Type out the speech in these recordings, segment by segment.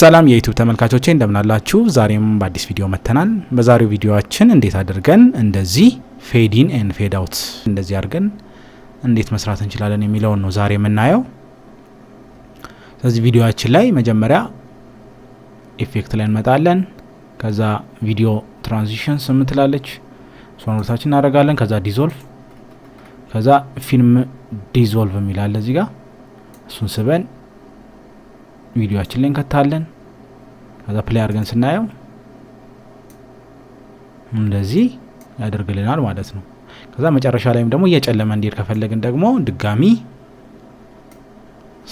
ሰላም የዩቱብ ተመልካቾቼ እንደምናላችሁ፣ ዛሬም በአዲስ ቪዲዮ መጥተናል። በዛሬው ቪዲዮችን እንዴት አድርገን እንደዚህ ፌዲን ን ኤን ፌድ አውት እንደዚህ አድርገን እንዴት መስራት እንችላለን የሚለውን ነው ዛሬ የምናየው። ስለዚህ ቪዲዮችን ላይ መጀመሪያ ኢፌክት ላይ እንመጣለን። ከዛ ቪዲዮ ትራንዚሽን ስምትላለች ሶኖርታችን እናደርጋለን። ከዛ ዲዞልቭ፣ ከዛ ፊልም ዲዞልቭ የሚላለ እዚህ ጋር እሱን ስበን ቪዲዮችን ላይ እንከታለን። ከዛ ፕሌይ አድርገን ስናየው እንደዚህ ያደርግልናል ማለት ነው። ከዛ መጨረሻ ላይም ደግሞ እየጨለመ እንዲሄድ ከፈለግን ደግሞ ድጋሚ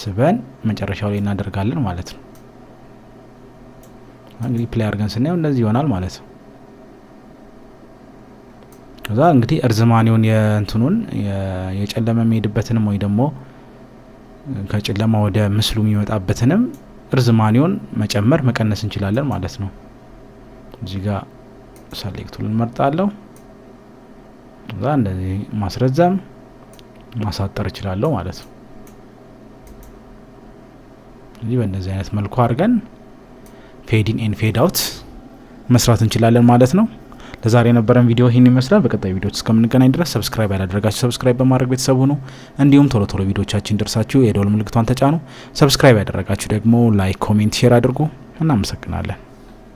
ስበን መጨረሻው ላይ እናደርጋለን ማለት ነው። እንግዲህ ፕሌይ አድርገን ስናየው እንደዚህ ይሆናል ማለት ነው። ከዛ እንግዲህ እርዝማኔውን የእንትኑን የጨለመ የሚሄድበትንም ወይ ደግሞ ከጨለማ ወደ ምስሉ የሚመጣበትንም እርዝማኔውን መጨመር መቀነስ እንችላለን ማለት ነው። እዚህ ጋ ሰሌክቱን እንመርጣለሁ። እዛ እንደዚህ ማስረዘም ማሳጠር እችላለሁ ማለት ነው። እዚህ በእንደዚህ አይነት መልኩ አድርገን ፌድ ኢን ኤን ፌድ አውት መስራት እንችላለን ማለት ነው። ለዛሬ የነበረን ቪዲዮ ይህን ይመስላል። በቀጣይ ቪዲዮዎች እስከምንገናኝ ድረስ ሰብስክራይብ ያላደረጋችሁ ሰብስክራይብ በማድረግ ቤተሰቡ ነው። እንዲሁም ቶሎ ቶሎ ቪዲዮቻችን ደርሳችሁ የደወል ምልክቷን ተጫኑ። ሰብስክራይብ ያደረጋችሁ ደግሞ ላይክ፣ ኮሜንት፣ ሼር አድርጉ። እናመሰግናለን።